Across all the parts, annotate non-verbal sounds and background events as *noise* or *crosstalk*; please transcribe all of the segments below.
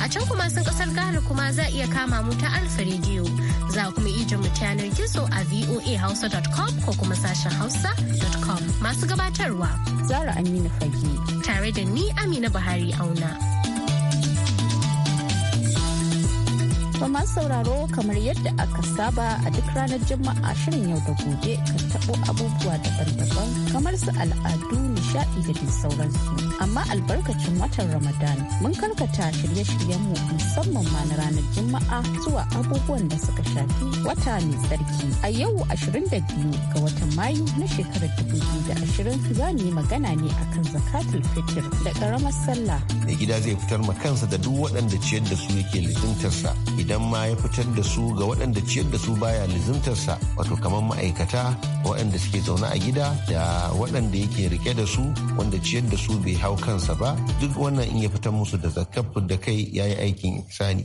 A can kuma sun kasar Ghana kuma za a iya kama mu ta Alfa Radio. Za kuma iya mu ta yanar gizo a voahausa.com ko kuma sashen hausa.com masu gabatarwa. Zara amina Fage. Tare da ni Amina Buhari Auna. To masu sauraro kamar yadda aka saba a duk ranar Juma'a shirin yau da gobe ka taɓo abubuwa daban-daban kamar su al'adu, nishaɗi da dai sauransu. amma albarkacin watan Ramadan mun karkata shirye-shiryenmu musamman ma na ranar Juma'a zuwa abubuwan da suka shafi wata mai tsarki. A yau 22 ga watan Mayu na shekarar 2020 za mu yi magana ne akan zakatul fitr da karamar sallah. Da gida zai fitar ma kansa da duk waɗanda ciyar da su yake lizimtarsa idan ma ya fitar da su ga waɗanda ciyar da su baya lizimtarsa wato kamar ma'aikata waɗanda suke zaune a gida da waɗanda yake rike da su wanda ciyar da su bai hau kansa ba duk wannan in ya fitar musu da zakafin da kai ya yi aikin sani.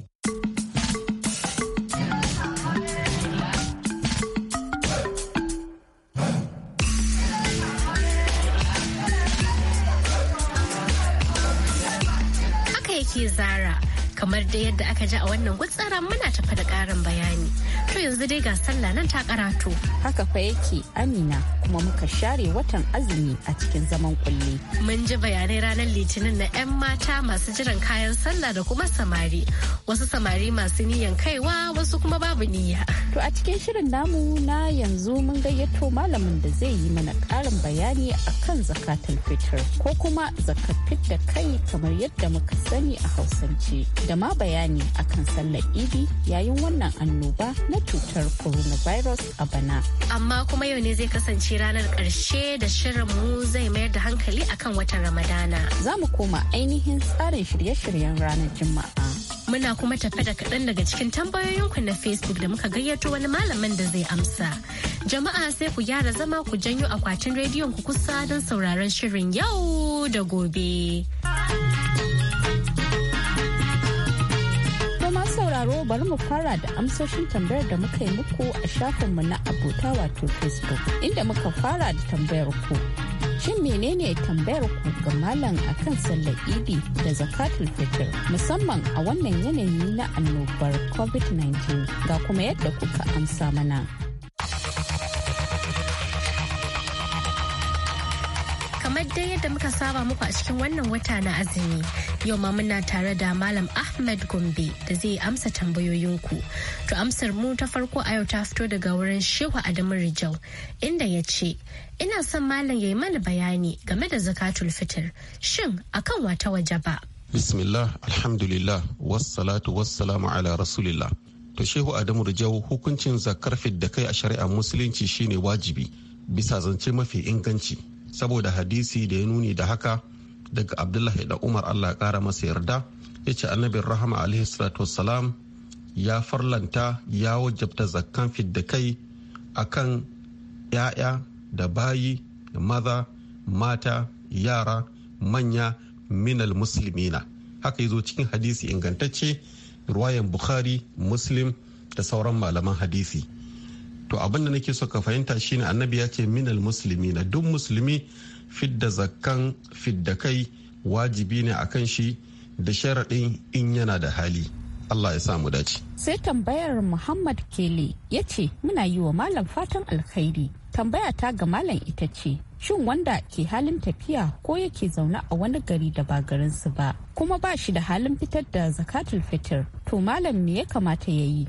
Haka yake zara. kamar da yadda aka ji a wannan gutsara muna tafa da karin bayani to yanzu dai ga sallah nan ta karatu haka fa yake amina kuma muka share watan azumi a cikin zaman kulle mun ji bayanai ranar litinin na 'yan mata masu jiran kayan sallah da kuma samari wasu samari masu niyan kaiwa wasu kuma babu niyya to a cikin shirin namu na yanzu mun gayyato malamin da zai yi mana karin bayani akan zakatul fitr ko kuma zakatul da kai kamar yadda muka sani a hausance da bayani akan sallar idi yayin wannan annoba na cutar coronavirus a bana. Amma kuma yau ne zai kasance ranar ƙarshe da shirin mu zai mayar da hankali akan watan Ramadana. Za mu koma ainihin tsarin shirye-shiryen ranar Juma'a. Muna kuma tafe da kaɗan daga cikin tambayoyinku na Facebook da muka gayyato wani malamin da zai amsa. Jama'a sai ku gyara zama ku janyo akwatin rediyon ku kusa don sauraron shirin yau da gobe. sauraro bari mu fara da amsoshin tambayar da muka yi muku a shafinmu na abota wato Facebook inda muka fara da tambayar ku. Shin menene tambayar ku ga malam akan sallar idi da zakatul fitr musamman a wannan yanayi na annobar COVID-19 ga kuma yadda kuka amsa mana. dai yadda muka saba muku a cikin wannan wata na azumi yau ma muna tare da malam ahmed gombe da zai amsa tambayoyinku to amsar mu ta farko a yau ta fito daga wurin shehu adamu rijau inda ya ce ina son malam ya yi mana bayani game da zakatul fitir shin akan wata ba. bismillah alhamdulillah wassalatu wassalamu ala rasulillah to shehu adamu rijau hukuncin zakar da kai a shari'a musulunci shine wajibi bisa zance mafi inganci saboda hadisi da ya nuni da haka daga abdullahi da umar allah kara masa yarda ya ce annabin rahama alaihi salatu wassalam ya farlanta ya wajabta zakkan fidda kai a kan ya'ya da bayi da maza mata yara manya minal musulmina haka ya zo cikin hadisi ingantacce ruwayan bukhari muslim da sauran malaman hadisi to abin da nake so ka fahimta shine annabi ya ce minal musulmi na duk musulmi fidda zakkan fidda kai wajibi ne akan shi da sharaɗin in yana da hali Allah ya samu dace. Sai tambayar Muhammad Kele ya ce muna yi wa malam fatan alkhairi. Tambaya ta ga malam ita ce, shin wanda ke halin tafiya ko yake zaune a wani gari da ba garinsu ba, kuma ba shi da halin fitar da zakatul fitir, to malam me ya kamata ya yi?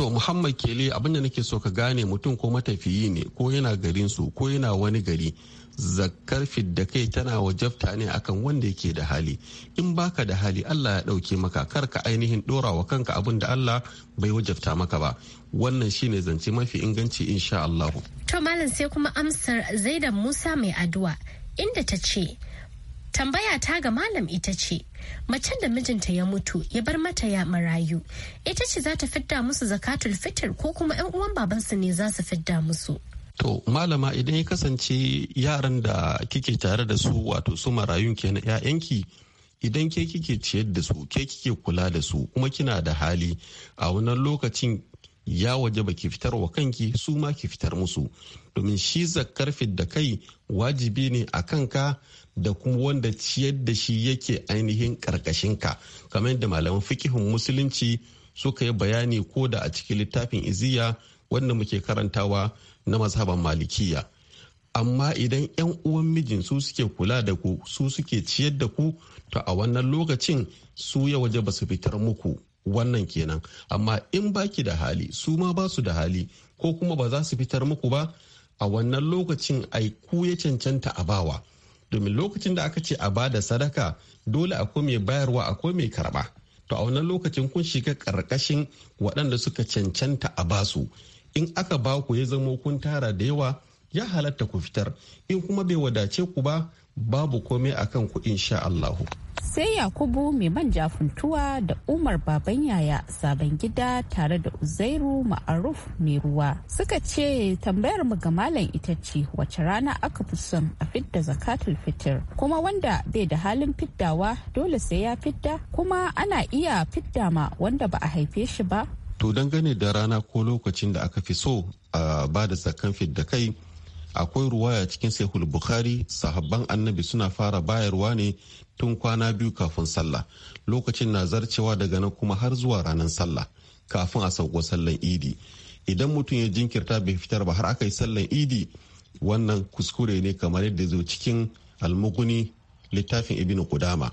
to muhammad kele da nake so ka gane mutum ko matafiyi ne ko yana garin su ko yana wani gari zakar da kai tana wajabta ne akan wanda yake da hali in baka da hali allah ya dauke maka kar ka ainihin dora wa kanka abin da allah bai wajabta maka ba wannan shine zance mafi inganci insha allahu to malam sai kuma amsar zaidan musa mai addu'a inda ta ce Tambaya ta ga malam ita ce, macen da mijinta ya mutu ya bar mata ya marayu, ita ce za ta fidda musu zakatul fitar ko kuma 'yan uwan babansu ne za su fidda musu. To malama idan ya kasance yaran da kike tare da su wato su marayun na 'ya'yanki idan ke kike ciyar da su ke kike kula da su kuma kina da hali a wannan lokacin ya waje ba ki fitar wa kanki su ma ki fitar musu domin shi zakar da kai wajibi ne a kanka da kuma wanda ciyar da shi yake ainihin karkashinka kamar yadda malaman fikihun musulunci suka yi bayani ko da a cikin littafin iziya wanda muke karantawa na mazhaban malikiya amma idan 'yan uwan mijin su suke kula da ku su suke ciyar da ku to a wannan lokacin su ya waje ba su fitar muku wannan kenan amma in baki da hali su ma ba su da hali ko kuma ba za su fitar muku ba a wannan lokacin ai ku ya cancanta a bawa domin lokacin da aka ce a ba da sadaka dole akwai mai bayarwa akwai mai karba to a wannan lokacin kun shiga karkashin waɗanda suka cancanta a basu in aka ba ku ya zama kun tara da yawa ya halatta ku fitar in kuma bai wadace ku ba babu komai akan ku insha Allahu. sai yakubu mai manja funtuwa da umar baban yaya sabon gida tare da uzairu ma'aruf mai ruwa suka ce tambayar mu ga malam ita ce wace rana aka fi son a fidda zakatul fitir kuma wanda bai da halin fiddawa dole sai ya fidda kuma ana iya fidda ma wanda ba a haife shi ba to dangane da rana ko lokacin da aka fi so a ba da zakan fidda kai akwai ruwaya cikin sahihul bukhari sahabban annabi suna fara bayarwa ne tun kwana biyu kafin sallah lokacin na zarcewa daga nan kuma har zuwa ranar sallah kafin a sauko sallan idi idan mutum ya jinkirta bai fitar ba har aka yi sallan idi wannan kuskure ne kamar yadda zo cikin almuguni littafin ibn kudama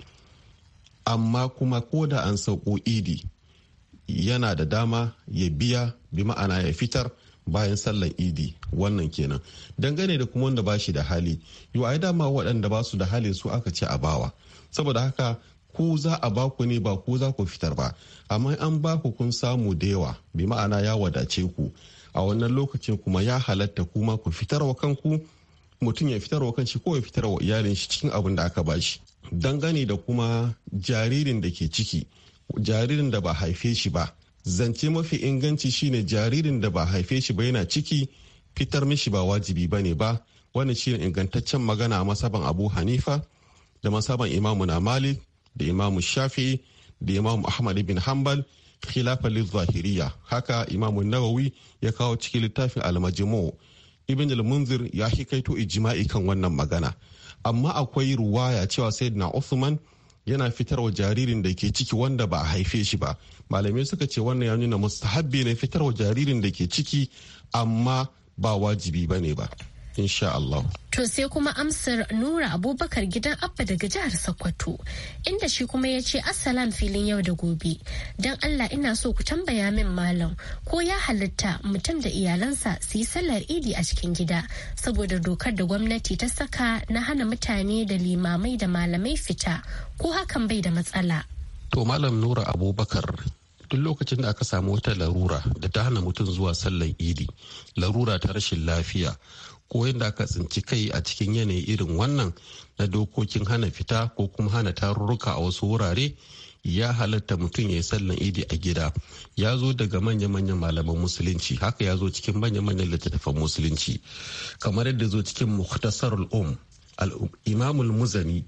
amma kuma ko da an sauko idi yana da dama ya biya bi ma'ana ya fitar bayan sallar idi wannan kenan dangane da kuma wanda ba shi da hali yau ai dama waɗanda ba su da hali su aka ce a bawa saboda haka ku za a ba ku ne ba ku za ku fitar ba amma an ba ku kun samu da yawa bi ma'ana ya wadace ku a wannan lokacin kuma ya halatta kuma ku fitar wa kanku mutum ya fitar wa kanshi ko ya fitar wa iyalin shi cikin abin da aka ba shi dangane da kuma jaririn da ke ciki jaririn da ba haife shi ba zance mafi inganci shine jaririn da ba haife shi ba yana ciki fitar mishi ba wajibi ba ne ba wannan shine ingantaccen magana a masaban abu hanifa da masaban imamu na malik da imamu shafi da imamu ahmad bin hanbal khilafa zahiriya haka imamu nawawi ya kawo cikin littafin almajimu ibn al-munzir ya hikaito ijma'i kan wannan magana amma akwai ruwaya cewa sayyidina usman yana fitarwa jaririn da ke ciki wanda ba a haife shi ba malamai suka ce wannan ya nuna mustahabbi ne fitarwa jaririn da ke ciki amma ba wajibi ba ne ba insha Allah To sai kuma amsar Nura Abubakar gidan Abba daga jihar Sokoto inda shi kuma ya ce Assalam filin yau da gobe. Don Allah ina so ku tambaya min malam ko ya halitta mutum da iyalansa su yi sallar idi a cikin gida saboda dokar da gwamnati ta saka na hana mutane da limamai da malamai fita ko hakan bai da matsala. To malam Nura Abubakar duk lokacin da aka samu wata larura da ta hana mutum zuwa sallar idi larura ta rashin lafiya ko yadda aka tsinci kai a cikin yanayi irin wannan na dokokin hana fita ko kuma hana tarurruka a wasu wurare ya halatta mutum ya yi sallan idi a gida ya zo daga manya-manyan malaman musulunci haka ya zo cikin manya-manyan littattafan musulunci kamar yadda zo cikin muhtasarul um imamul muzani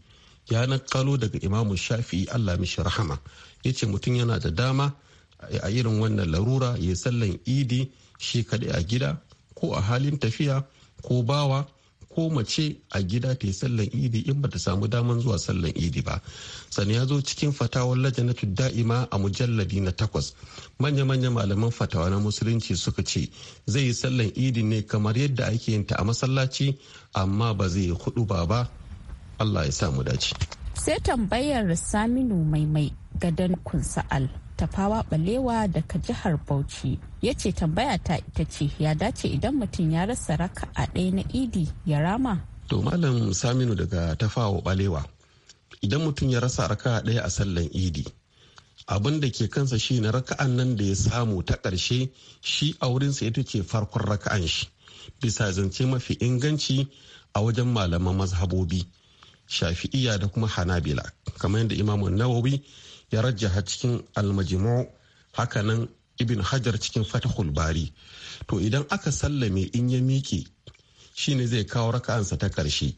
ya nakalo daga imamu shafi'i allah mishi rahama ya ce mutum yana da dama a irin wannan larura ya sallan idi shi kaɗai a gida ko a halin tafiya ko bawa ko mace a gida ta yi sallan idi in bata samu daman zuwa sallan idi ba sannan ya zo cikin fatawar lajanatu da'ima a mujalladi na takwas manya-manya malaman fatawa na musulunci suka ce zai yi sallan idi ne kamar yadda ake yin ta a masallaci amma ba zai yi hudu ba ba allah ya samu dace sai tambayar saminu maimai gadon kunsa'al tafawa balewa daga jihar bauchi ya ce tambaya ta ita ce ya dace idan mutum ya rasa raka a ɗaya na idi ya rama to malam saminu daga tafawa balewa idan mutum ya rasa raka ɗaya a sallan idi abin da ke kansa shi na raka'an nan da ya samu ta ƙarshe shi a wurinsa ita ce farkon raka'an shi bisa zance mafi inganci a wajen malaman mazhabobi shafi'iya da kuma hanabila kamar yadda imamu nawawi ya rajjaha cikin almajimu hakanan ibn hajar cikin fatahul bari to idan aka sallame in ya miƙe shine zai kawo raka'ansa ta ƙarshe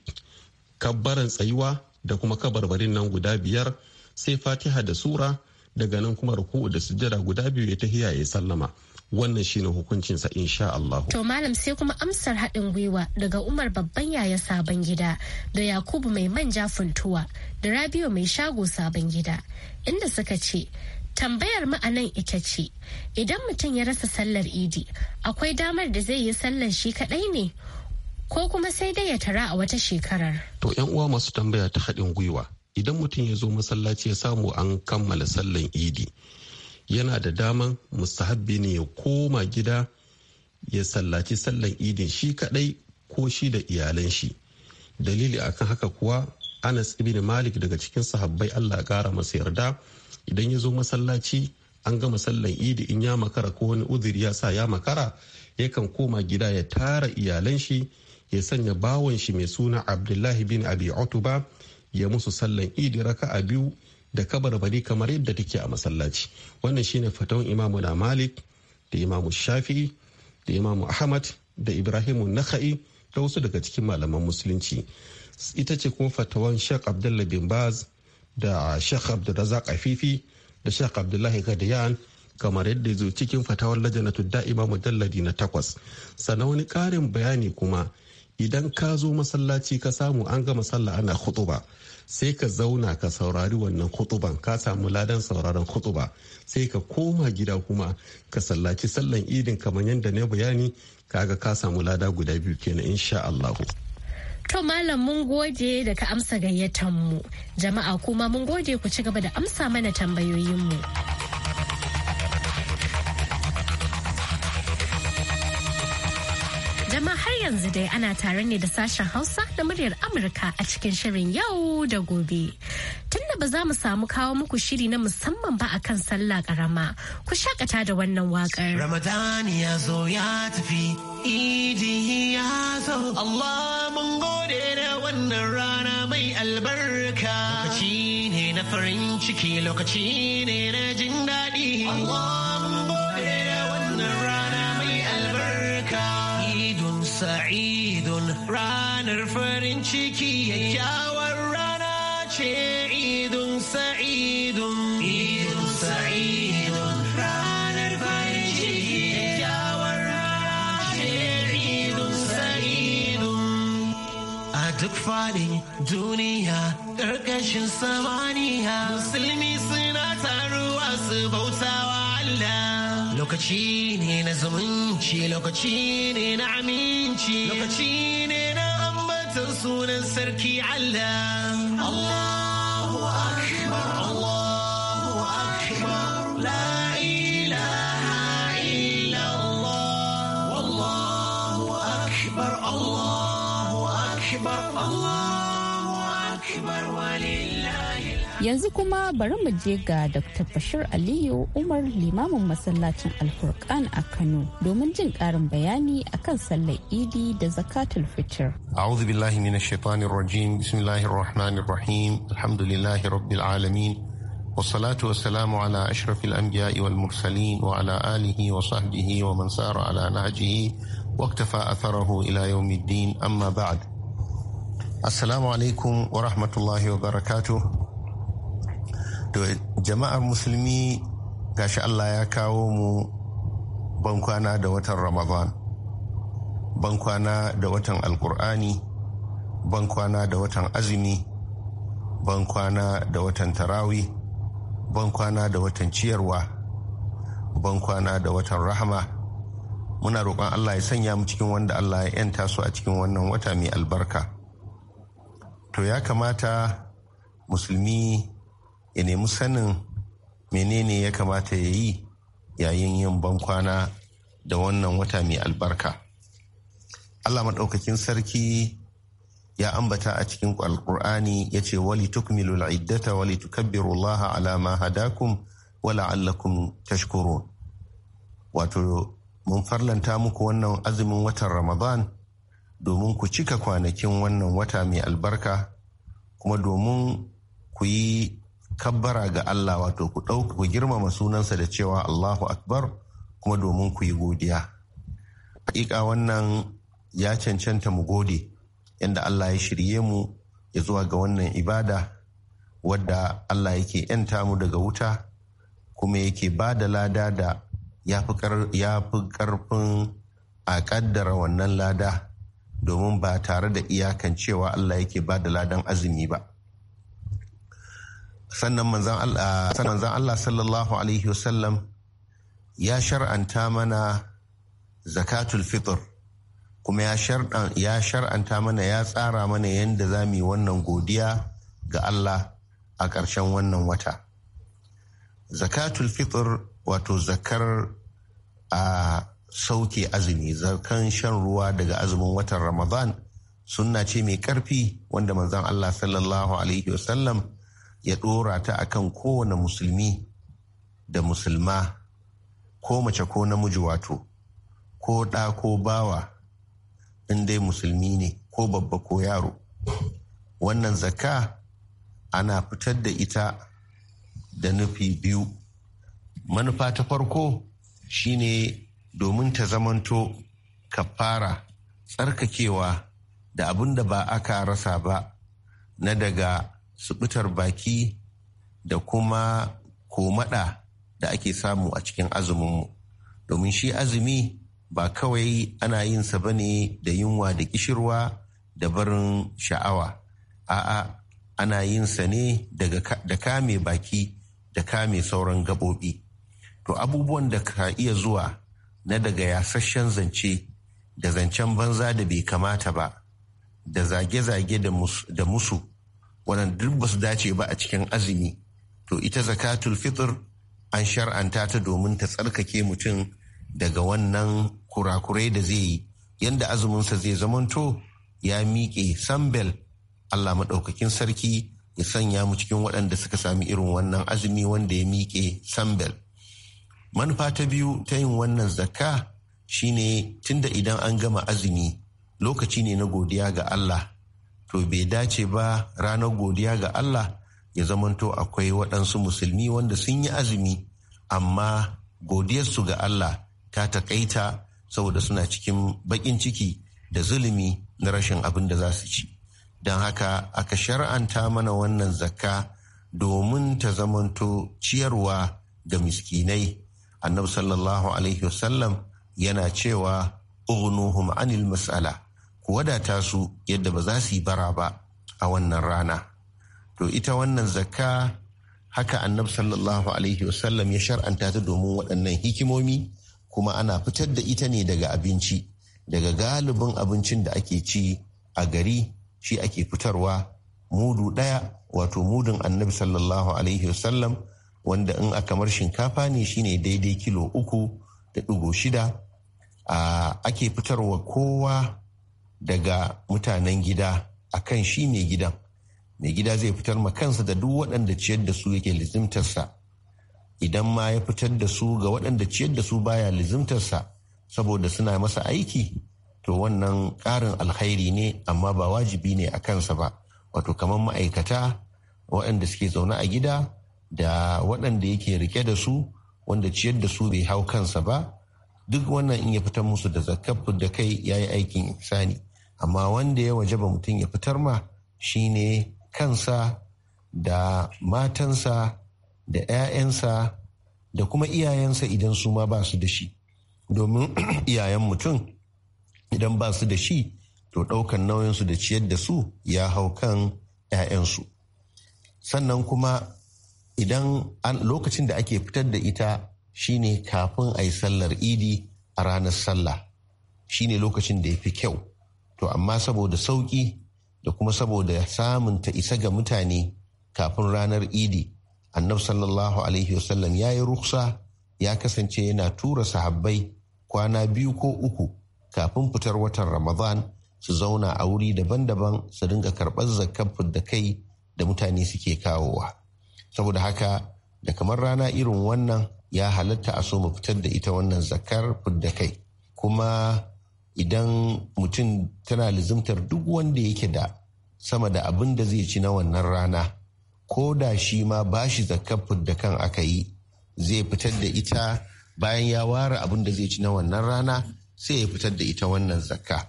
kabbaran tsayuwa da kuma kabarbarin nan guda biyar sai fatiha da sura daga nan kuma ruku'u da sujjada guda biyu ya tahiya ya sallama wannan shine hukuncinsa insha Allah. To malam sai kuma amsar haɗin gwiwa daga Umar babban yaya sabon gida da Yakubu mai manja funtuwa da Rabiu mai shago sabon gida inda suka ce tambayar ma'anan ita ce idan mutum ya rasa sallar idi akwai damar da zai yi sallar shi kaɗai ne ko kuma sai dai ya tara a wata shekarar. To yan uwa masu tambaya ta haɗin gwiwa idan mutum ya zo masallaci ya samu an kammala sallan idi yana da daman mustahabbi ne ya koma gida ya sallaci sallan idin shi kadai ko shi da iyalan shi dalili akan haka kuwa anas ibn malik daga cikin sahabbai allah kara masa yarda idan ya zo masallaci an gama sallan idi in ya makara ko wani uzuri ya sa ya makara yakan koma gida ya tara iyalan shi ya sanya bawan shi mai suna abdullahi bin abi utuba ya musu sallan idi raka'a biyu da kabarbari kamar yadda take a masallaci wannan shine fatawan imamu na malik da imamu shafi da imamu ahmad da ibrahimu naka'i da wasu daga cikin malaman musulunci ita ce kuma fatawan sheikh abdullahi bin baz da sheikh abdulrazak afifi da sheikh abdullahi gadiyan kamar yadda ya zo cikin fatawar lajanatu imamu dalladi na takwas sannan wani karin bayani kuma idan ka zo masallaci ka samu an gama sallah ana khutuba sai ka zauna ka saurari wannan kutuban ka samu ladan sauraron kutuba sai ka koma gida kuma ka sallaci sallan idin kamar yadda na bayani kaga ka samu lada guda biyu kenan insha Allah. To malam mun gode da ka amsa gayyatan mu jama'a kuma mun gode ku ci gaba da amsa mana tambayoyin mu. yanzu dai ana tare ne da sashen Hausa na muryar Amurka a cikin shirin yau da gobe. Tunda ba za mu samu kawo muku shiri na musamman ba akan sallah karama, ku shakata da wannan wakar. Ramadani ya zo ya tafi, idi ya zo. Allah mun gode da wannan rana mai albarka. Lokaci ne na farin ciki, lokaci ne na jin daɗi. ciki kyakkyawar rana ce idun sa'idun idun sa'idun ranar farin ciki kyakkyawar rana ce idun sa'idun a duk fadin duniya ƙarƙashin samaniya musulmi suna taruwa su bautawa Allah lokaci ne na zumunci lokaci ne na aminci lokaci ne sunan sarki Allah. Yanzu kuma bari mu je ga Dr. Bashir Aliyu Umar limamin masallacin Alfurkan a Kano domin jin ƙarin bayani akan sallar Idi da zakatul fitr. A'udhu billahi minash shaitanir rajim. Bismillahir rahmanir rahim. Alhamdulillahi rabbil alamin. Wassalatu wassalamu ala ashrafil anbiya'i wal mursalin wa ala alihi wa sahbihi wa man sara ala nahjihi wa iktafa atharahu ila yawmiddin amma ba'd. Assalamu alaikum wa rahmatullahi wa barakatuh. to jama'ar musulmi gashi Allah ya kawo mu bankwana da watan ramadan bankwana da watan alkur'ani bankwana da watan azumi bankwana da watan tarawi bankwana da watan ciyarwa bankwana da watan rahama muna roƙon allah ya sanya mu cikin wanda allah ya yanta su a cikin wannan wata mai albarka to ya kamata musulmi ya nemi sanin menene ya kamata ya yi yayin yin bankwana da wannan wata mai albarka allah maɗaukakin sarki ya ambata a cikin alkur'ani ya ce wali tukmilu al'iddata wali tukabbiru allaha ala ma hadakum wa la'allakum tashkurun wato mun farlanta muku wannan azumin watan ramadan domin ku cika kwanakin wannan wata mai albarka kuma domin ku yi kabbara ga Allah wato ku ɗauka ku girmama sunansa da cewa Allahu Akbar kuma domin ku yi godiya. haƙiƙa wannan ya cancanta mu gode yadda Allah ya shirye mu ya zuwa ga wannan ibada wadda Allah yake ‘yanta mu daga wuta kuma yake ba da lada da ya fi ƙarfin a ƙaddara wannan lada domin ba tare da iyakan cewa Allah yake ba da ladan azumi ba. sannan manzan Allah sallallahu alaihi wasallam ya shar'anta mana zakatul fitr kuma ya shar'anta mana ya tsara mana yadda za mu yi wannan godiya ga Allah a ƙarshen wannan wata zakatul fitr wato zakar a sauke azumi zarkan shan ruwa daga azumin watan ramadan sunna ce mai ƙarfi wanda manzan Allah sallallahu alaihi wasallam ya ɗora ta kan kowane musulmi da musulma ko mace ko namiji wato ko ɗa ko bawa in dai musulmi ne ko babba ko yaro wannan zakka ana fitar da ita da nufi biyu manufa ta farko shine domin ta zamanto kafara tsarkakewa da abin da ba aka rasa ba na daga subutar baki da kuma komada da ake samu a cikin azuminmu domin shi azumi ba kawai ana yin sa bane da yunwa da kishirwa da barin sha'awa a'a ana yin sa ne da kame baki da kame sauran gabobi to abubuwan da ka iya zuwa na daga yasasshen zance da zancen banza da bai kamata ba da zage-zage da musu wannan duk basu dace ba a cikin azumi to ita zakatul fitr an shar'anta ta domin ta tsarkake mutum daga wannan kurakurai da zai yi yadda azuminsa zai zamanto ya miƙe sambel allah maɗaukakin sarki ya sanya mu cikin waɗanda suka sami irin wannan azumi wanda ya miƙe sambel manufa ta biyu ta yin wannan zakka shine tunda idan an gama azumi lokaci ne na godiya ga allah to bai dace ba ranar godiya ga Allah ya zamanto akwai waɗansu musulmi wanda sun yi azumi amma godiyarsu ga Allah ta taƙaita saboda suna cikin baƙin ciki da zulumi na rashin abin da za su ci don haka aka shar'anta mana wannan zakka domin ta zamanto ciyarwa ga miskinai annabi sallallahu alaihi wasallam yana cewa ugnuhum anil mas'ala wadata su yadda ba za su yi bara ba a wannan rana to ita wannan zakka haka annab sallallahu alaihi wasallam ya shar'anta ta domin waɗannan hikimomi kuma ana fitar da ita ne daga abinci daga galibin abincin da ake ci a gari shi ake fitarwa mudu ɗaya wato mudun annabi sallallahu alaihi wasallam wanda in a kamar shinkafa ne shine daidai kilo uku da ɗigo shida ake fitarwa kowa daga mutanen gida a kan shi mai gidan mai gida zai fitar ma kansa da duk waɗanda ciyar da su yake lizimtarsa idan ma ya fitar da su ga waɗanda ciyar da su baya lizimtarsa saboda suna masa aiki to wannan ƙarin alkhairi ne amma ba wajibi ne a kansa ba wato kamar ma'aikata waɗanda suke zaune a gida da waɗanda yake rike da su wanda ciyar da su bai hau kansa ba duk wannan in ya fitar musu da zakafu da kai ya yi aikin isani amma wanda ya waje ba mutum ya fitar ma shine kansa da matansa da 'ya'yansa da kuma iyayensa idan su ma ba su da shi domin *clears throat* iyayen mutum idan ba su da shi to ɗaukan nauyinsu da ciyar da su ya hau kan 'ya'yansu sannan kuma idan lokacin da ake fitar da ita shine kafin a yi sallar idi a ranar sallah shine lokacin da ya fi kyau to amma saboda sauƙi da kuma saboda samun ta isa ga mutane kafin ranar idi annab sallallahu alaihi wasallam ya yi ruksa ya kasance yana tura sahabbai kwana biyu ko uku kafin fitar watan ramadan su zauna a wuri daban-daban su dinga karɓar zakar da kai da mutane suke kawowa saboda haka da kamar rana irin wannan ya halatta a so mu fitar da ita wannan zakar da kai kuma idan mutum tana lizimtar duk wanda yake da sama da abin da zai ci na wannan rana ko da shi ma ba shi zakafin da kan aka yi zai fitar da ita bayan ya ware abin da zai ci na wannan rana sai ya fitar da ita wannan zakka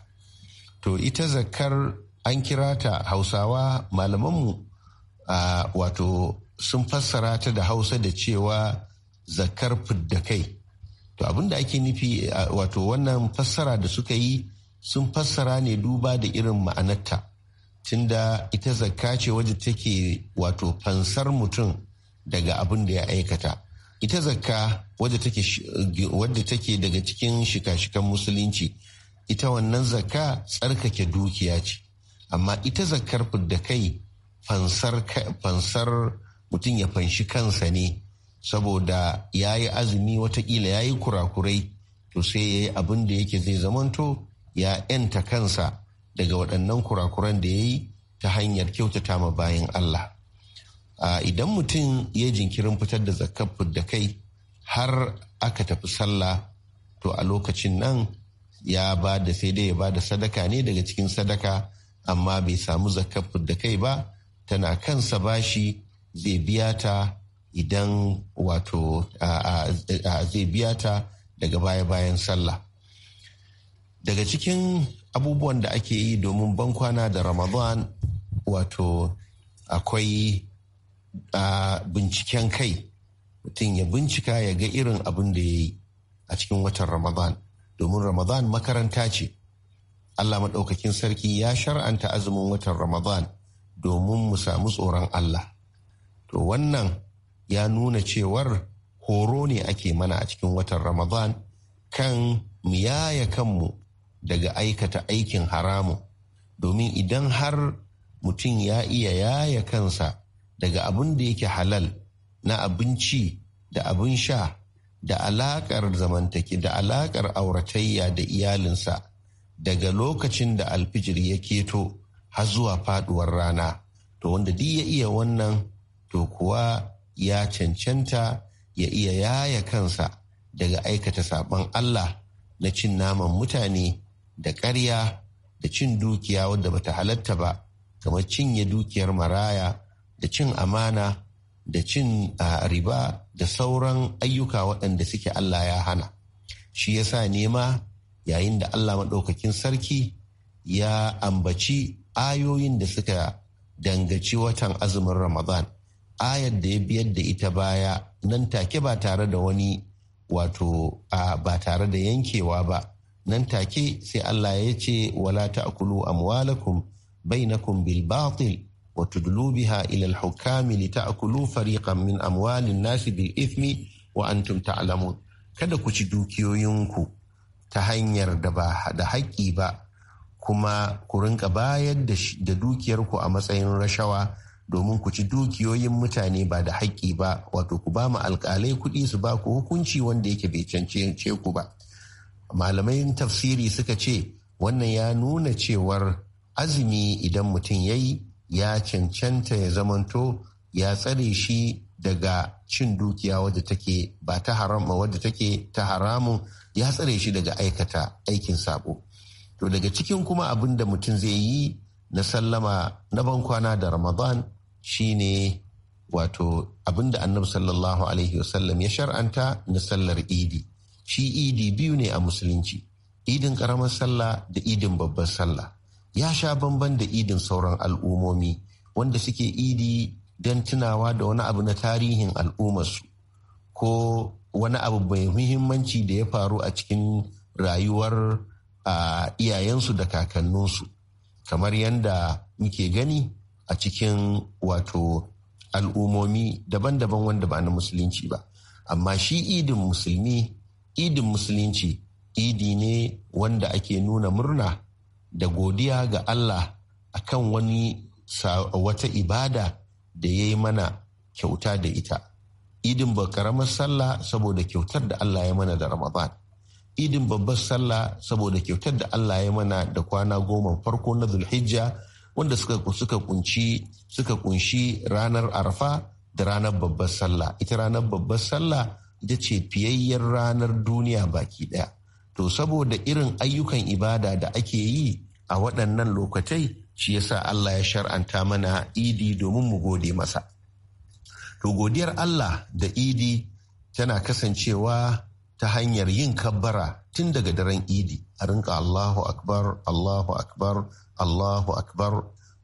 to ita zakkar an kira ta hausawa malamanmu a wato sun fassara ta da hausa da cewa zakar fidda kai to abin da ake nufi wato wannan fassara da suka yi sun fassara ne duba da irin ma'anarta tunda ita zakka ce wadda take wato fansar mutum daga abin da ya aikata ita zakka wadda take daga cikin shika-shikan musulunci ita wannan zakka tsarkake dukiya ce amma ita zakkar da kai fansar mutum ya fanshi kansa ne saboda ya yi azumi watakila ya yi kurakurai to sai ya yi abin da yake zai zamanto ya yanta kansa daga waɗannan kurakuran da ya yi ta hanyar kyautata ma bayan Allah. Idan mutum ya jinkirin fitar da zakar da kai har aka tafi sallah to a lokacin nan ya ba da sai dai ya ba da sadaka ne daga cikin sadaka amma bai samu zakar da kai ba tana kansa bashi zai biya ta idan wato zai biya ta daga baya bayan sallah daga cikin abubuwan da ake yi domin bankwana da ramadan wato akwai binciken kai mutum ya bincika ya ga irin abin da ya yi a cikin watan ramadan domin ramadan makaranta ce allah maɗaukakin sarki ya shar'anta azumin watan ramadan domin mu samu tsoron allah to wannan ya nuna cewar horo ne ake mana a cikin watan Ramadan kan mu yaya kanmu daga aikata aikin haramun domin idan har mutum ya iya yaya kansa daga abin da yake halal na abinci da abin sha da alakar zamantaki da alakar auratayya da iyalinsa daga lokacin da alfijir ya keto har zuwa faduwar rana to wanda duk ya iya wannan to kuwa ya cancanta ya iya yaya kansa daga aikata saɓon Allah na cin naman mutane da ƙarya da cin dukiya wadda bata halatta ba kamar cinye dukiyar maraya da cin amana da cin riba da sauran ayyuka waɗanda suke Allah ya hana shi ya sa nema yayin da Allah maɗaukakin sarki ya ambaci ayoyin da suka dangaci watan azumin Ramadan ayar da ya biyar da ita baya nan take ba tare da wani wato a ba tare da yankewa ba nan take sai Allah ya ce wala ta'kulu amwalakum bainakum bil batil wa tudlu biha ila al hukam li ta'kulu fariqan min amwalin nasi bil ithmi wa antum ta'lamun kada ku ci dukiyoyinku ta hanyar da ba da haƙƙi ba kuma ku rinka bayar da dukiyarku a matsayin rashawa domin ku ci dukiyoyin mutane ba da haƙƙi ba wato ku ba mu alƙalai kuɗi su ba ku hukunci wanda yake bai cancance ku ba malamai tafsiri suka ce wannan ya nuna cewar azumi idan mutum ya yi ya cancanta ya zamanto ya tsare shi daga cin dukiya wadda take ba ta haram wadda take ta haramun ya tsare shi daga aikata aikin sabo to daga cikin kuma abin da mutum zai yi na sallama na bankwana da ramadan shine wato abinda annabi sallallahu alaihi wasallam ya shar'anta na sallar idi shi idi biyu ne a musulunci idin karamar sallah da idin babban sallah ya sha bamban da idin sauran al'ummomi, wanda suke idi don tunawa da wani abu na tarihin al'ummarsu ko wani abu mai muhimmanci da ya faru a cikin rayuwar iyayensu da kakanninsu kamar yadda muke gani a cikin wato al'ummomi daban-daban wanda ba na musulunci ba amma shi idin musulmi idin musulunci idi ne wanda ake nuna murna da godiya ga Allah a kan wani wata ibada da ya yi mana kyauta da ita idin ba karamar sallah saboda kyautar da Allah ya mana da ramadan idin babbar sallah saboda kyautar da Allah ya mana da kwana goma farko na zulhijja wanda suka suka kunci suka kunshi ranar arfa da ranar babbar sallah ita ranar babbar sallah ita ce fiyayyar ranar duniya baki daya to saboda irin ayyukan ibada da ake yi a waɗannan lokatai shi yasa Allah ya shar'anta mana idi domin mu gode masa to godiyar Allah da idi tana kasancewa ta hanyar yin kabbara tun daga daren idi a rinka Allahu akbar Allahu akbar Allahu akbar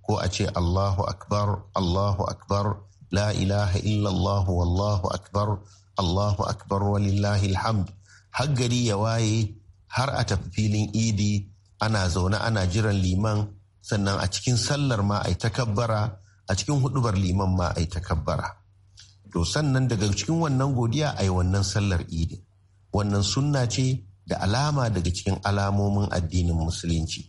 ko a ce Allahu akbar Allahu akbar la ilaha illallah wallahu akbar Allahu akbar walillahi alhamd har ya waye har a tafi filin idi ana zaune ana jiran liman sannan a cikin sallar ma a ta takabbara a cikin hudubar liman ma a ta takabbara to sannan daga cikin wannan godiya a yi wannan sallar idi wannan sunna ce da alama daga cikin alamomin addinin musulunci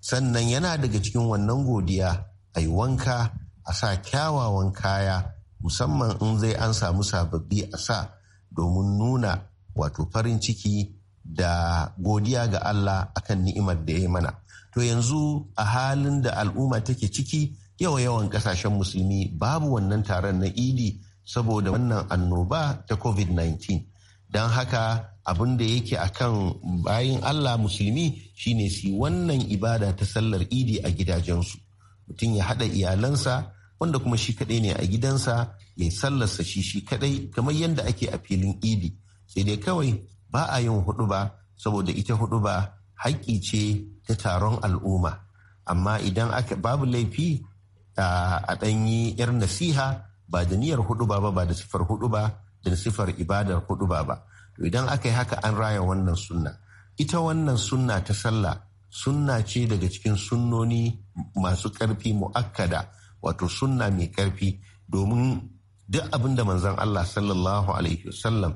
sannan yana daga cikin wannan godiya a yi wanka a sa kyawawan kaya musamman in zai an samu sababbi a sa domin nuna wato farin ciki da godiya ga Allah akan ni'imar da ya yi mana to yanzu a halin da al'umma take ciki yawa yawan kasashen musulmi babu wannan taron na idi saboda wannan annoba ta covid-19 don haka abin da yake kan bayin Allah musulmi shine su wannan ibada ta sallar idi a gidajensu mutum ya haɗa iyalansa wanda kuma shi kaɗai ne a gidansa ya sallarsa shi shi kaɗai kamar yadda ake a filin idi sai dai kawai ba a yin hudu ba saboda ita hudu ba haƙƙi ce ta taron al'umma amma idan aka babu laifi a ɗanyi 'yar nasiha ba da niyyar hudu ba ba da sifar hudu ba da sifar ibadar hudu ba to idan aka yi haka an raya wannan sunna ita wannan sunna ta sallah sunna ce daga cikin sunnoni masu karfi mu'akkada wato sunna mai karfi domin duk abin da manzon Allah sallallahu alaihi wasallam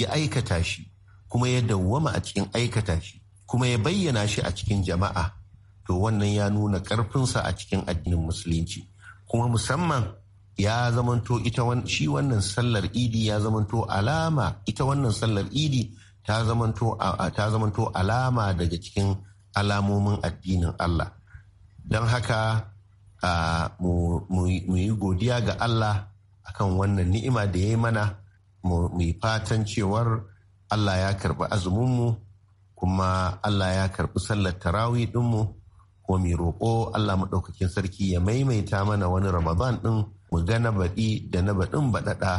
ya aikata shi kuma ya dawwama a cikin aikata shi kuma ya bayyana shi a cikin jama'a to wannan ya nuna karfinsa a cikin addinin musulunci kuma musamman ya zamanto ita shi wannan sallar idi ya zamanto alama ita wannan sallar idi ta zamanto alama daga cikin alamomin addinin Allah don haka mu yi godiya ga Allah akan wannan ni'ima da ya yi mana mu yi fatan cewar Allah ya karbi azuminmu kuma Allah ya karbi sallar tarawi dinmu ko mai roƙo Allah maɗaukakin sarki ya maimaita mana wani Ramadan ɗin. mu ga na baɗi da na baɗin baɗaɗa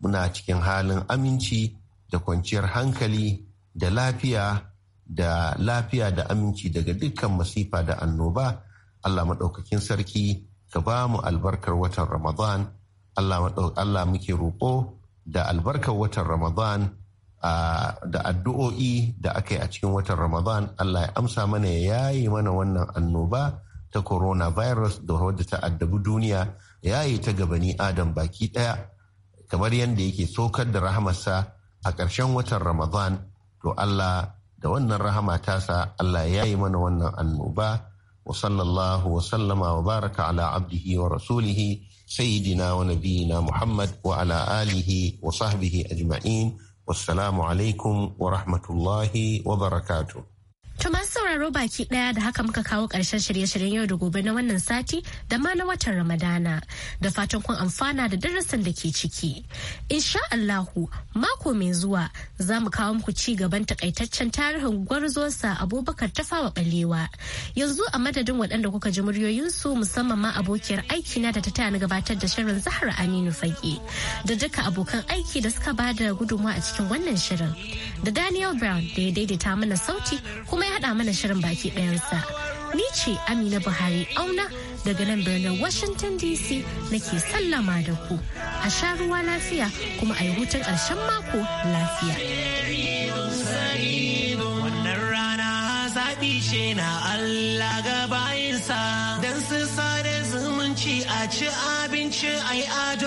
muna cikin halin aminci da kwanciyar hankali da lafiya da lafiya da aminci daga dukkan masifa da annoba Allah maɗaukakin sarki ka ba mu albarkar watan Ramadan Allah muke roƙo da albarkar watan Ramadan da addu'o'i da aka yi a cikin watan Ramadan Allah ya amsa mana ya yaye mana wannan annoba ta coronavirus da wadda ta addabi duniya ya yi ta gabani adam baki ɗaya kamar yadda yake tsokar da rahamarsa a ƙarshen watan ramadan to allah da wannan rahama tasa allah ya yi mana wannan annoba wa sallallahu wa sallama wa baraka ala abdihi wa rasulihi sayyidina wa nabiyina muhammad wa ala alihi wa sahbihi ajma'in wassalamu alaikum wa rahmatullahi wa barakatuh To masu sauraro baki daya da haka muka kawo ƙarshen shirye-shiryen yau da gobe na wannan sati da ma na watan Ramadana da fatan kun amfana da darasin da ke ciki. Insha Allahu mako mai zuwa za mu kawo muku ci gaban takaitaccen tarihin gwarzosa Abubakar Tafawa Balewa. Yanzu a madadin waɗanda kuka ji muryoyinsu musamman ma abokiyar aiki na da ta tana gabatar da shirin Zahra Aminu Fage da duka abokan aiki da suka bada gudunmawa a cikin wannan shirin. Da Daniel Brown da ya daidaita mana sauti kuma kuma ya haɗa mana shirin baki ɗayansa. Ni ce Amina Buhari auna daga nan birnin Washington DC nake sallama da ku. A sha ruwa lafiya kuma a yi hutun ƙarshen mako lafiya. Wannan rana zaɓi ce na Allah ga bayinsa su sada zumunci a ci abinci ai ado.